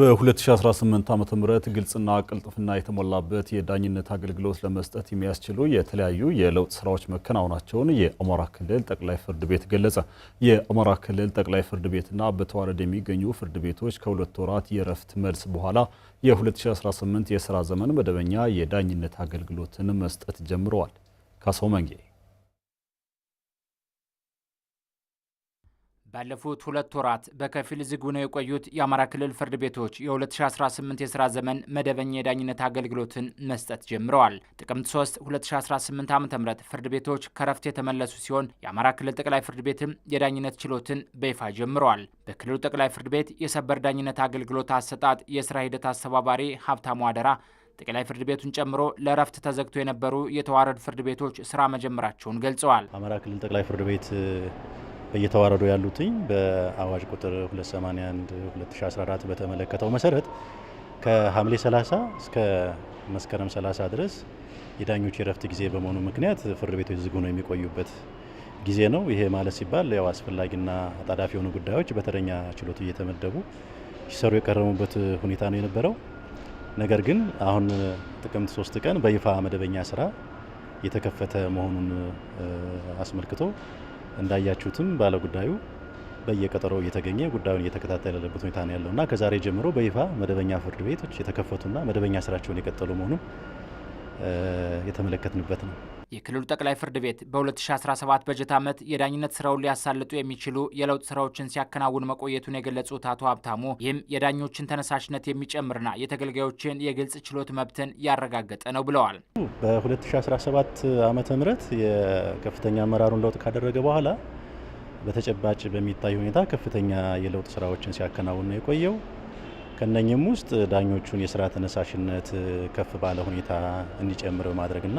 በ2018 ዓ ም ግልጽና ቅልጥፍና የተሞላበት የዳኝነት አገልግሎት ለመስጠት የሚያስችሉ የተለያዩ የለውጥ ስራዎች መከናወናቸውን የአማራ ክልል ጠቅላይ ፍርድ ቤት ገለጸ። የአማራ ክልል ጠቅላይ ፍርድ ቤትና በተዋረድ የሚገኙ ፍርድ ቤቶች ከሁለት ወራት የእረፍት መልስ በኋላ የ2018 የስራ ዘመን መደበኛ የዳኝነት አገልግሎትን መስጠት ጀምረዋል። ካሳው መንጌ ባለፉት ሁለት ወራት በከፊል ዝግ ሆነው የቆዩት የአማራ ክልል ፍርድ ቤቶች የ2018 የስራ ዘመን መደበኛ የዳኝነት አገልግሎትን መስጠት ጀምረዋል። ጥቅምት 3 2018 ዓ ም ፍርድ ቤቶች ከረፍት የተመለሱ ሲሆን የአማራ ክልል ጠቅላይ ፍርድ ቤትም የዳኝነት ችሎትን በይፋ ጀምረዋል። በክልሉ ጠቅላይ ፍርድ ቤት የሰበር ዳኝነት አገልግሎት አሰጣጥ የስራ ሂደት አስተባባሪ ሀብታሙ አደራ ጠቅላይ ፍርድ ቤቱን ጨምሮ ለእረፍት ተዘግቶ የነበሩ የተዋረድ ፍርድ ቤቶች ስራ መጀመራቸውን ገልጸዋል። አማራ ክልል ጠቅላይ ፍርድ ቤት እየተዋረዱ ያሉትኝ በአዋጅ ቁጥር 281 2014 በተመለከተው መሰረት ከሐምሌ 30 እስከ መስከረም 30 ድረስ የዳኞች የረፍት ጊዜ በመሆኑ ምክንያት ፍርድ ቤቶች ዝግ ሆነው የሚቆዩበት ጊዜ ነው። ይሄ ማለት ሲባል ያው አስፈላጊና አጣዳፊ የሆኑ ጉዳዮች በተረኛ ችሎት እየተመደቡ ሲሰሩ የቀረሙበት ሁኔታ ነው የነበረው። ነገር ግን አሁን ጥቅምት ሶስት ቀን በይፋ መደበኛ ስራ የተከፈተ መሆኑን አስመልክቶ እንዳያችሁትም ባለጉዳዩ በየቀጠሮ እየተገኘ ጉዳዩን እየተከታተለ ያለበት ሁኔታ ነው ያለውና ከዛሬ ጀምሮ በይፋ መደበኛ ፍርድ ቤቶች የተከፈቱና መደበኛ ስራቸውን የቀጠሉ መሆኑን የተመለከትንበት ነው። የክልሉ ጠቅላይ ፍርድ ቤት በ2017 በጀት ዓመት የዳኝነት ስራውን ሊያሳልጡ የሚችሉ የለውጥ ስራዎችን ሲያከናውን መቆየቱን የገለጹት አቶ ሀብታሙ ይህም የዳኞችን ተነሳሽነት የሚጨምርና የተገልጋዮችን የግልጽ ችሎት መብትን ያረጋገጠ ነው ብለዋል። በ2017 ዓመተ ምህረት የከፍተኛ አመራሩን ለውጥ ካደረገ በኋላ በተጨባጭ በሚታይ ሁኔታ ከፍተኛ የለውጥ ስራዎችን ሲያከናውን ነው የቆየው። ከነኝም ውስጥ ዳኞቹን የስራ ተነሳሽነት ከፍ ባለ ሁኔታ እንዲጨምር በማድረግና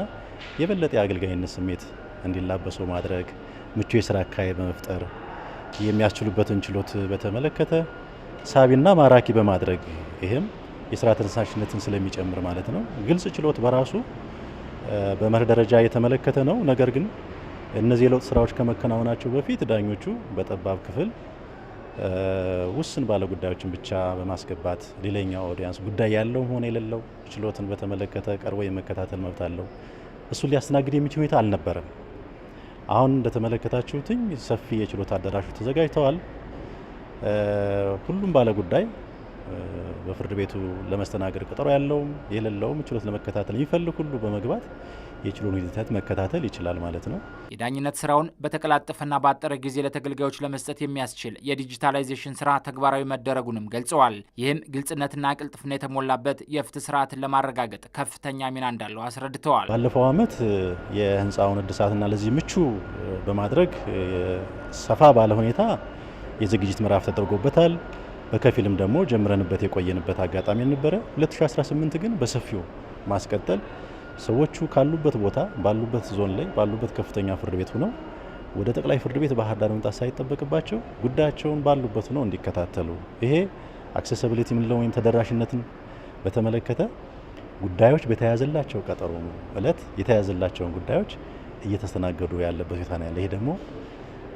የበለጠ የአገልጋይነት ስሜት እንዲላበሱ ማድረግ፣ ምቹ የስራ አካባቢ በመፍጠር የሚያስችሉበትን ችሎት በተመለከተ ሳቢና ማራኪ በማድረግ ይህም የስራ ተነሳሽነትን ስለሚጨምር ማለት ነው። ግልጽ ችሎት በራሱ በመርህ ደረጃ የተመለከተ ነው። ነገር ግን እነዚህ የለውጥ ስራዎች ከመከናወናቸው በፊት ዳኞቹ በጠባብ ክፍል ውስን ባለ ጉዳዮችን ብቻ በማስገባት ሌላኛው ኦዲያንስ ጉዳይ ያለው ሆነ የሌለው ችሎትን በተመለከተ ቀርቦ የመከታተል መብት አለው። እሱን ሊያስተናግድ የሚችል ሁኔታ አልነበረም። አሁን እንደተመለከታችሁትኝ ሰፊ የችሎት አዳራሹ ተዘጋጅተዋል። ሁሉም ባለ ጉዳይ በፍርድ ቤቱ ለመስተናገድ ቀጠሮ ያለውም የሌለውም ችሎት ለመከታተል የሚፈልግ ሁሉ በመግባት የችሎን ሂደት መከታተል ይችላል ማለት ነው። የዳኝነት ስራውን በተቀላጠፈና በአጠረ ጊዜ ለተገልጋዮች ለመስጠት የሚያስችል የዲጂታላይዜሽን ስራ ተግባራዊ መደረጉንም ገልጸዋል። ይህም ግልጽነትና ቅልጥፍና የተሞላበት የፍትህ ስርዓትን ለማረጋገጥ ከፍተኛ ሚና እንዳለው አስረድተዋል። ባለፈው ዓመት የህንፃውን እድሳትና ለዚህ ምቹ በማድረግ ሰፋ ባለ ሁኔታ የዝግጅት ምዕራፍ ተደርጎበታል። በከፊልም ደግሞ ጀምረንበት የቆየንበት አጋጣሚ ነበረ። 2018 ግን በሰፊው ማስቀጠል ሰዎቹ ካሉበት ቦታ ባሉበት ዞን ላይ ባሉበት ከፍተኛ ፍርድ ቤት ሆነው ወደ ጠቅላይ ፍርድ ቤት ባህር ዳር መምጣት ሳይጠበቅባቸው ጉዳያቸውን ባሉበት ሆነው እንዲከታተሉ ይሄ አክሴሲቢሊቲ የምንለው ወይም ተደራሽነትን በተመለከተ ጉዳዮች በተያያዘላቸው ቀጠሮ እለት የተያያዘላቸውን ጉዳዮች እየተስተናገዱ ያለበት ሁኔታ ነው ያለ። ይሄ ደግሞ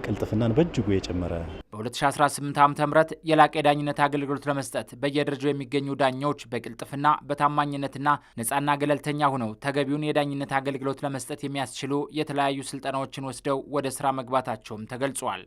ቅልጥፍናን በእጅጉ የጨመረ በ2018 ዓ ም የላቀ የዳኝነት አገልግሎት ለመስጠት በየደረጃው የሚገኙ ዳኞች በቅልጥፍና በታማኝነትና ነፃና ገለልተኛ ሆነው ተገቢውን የዳኝነት አገልግሎት ለመስጠት የሚያስችሉ የተለያዩ ስልጠናዎችን ወስደው ወደ ስራ መግባታቸውም ተገልጿል።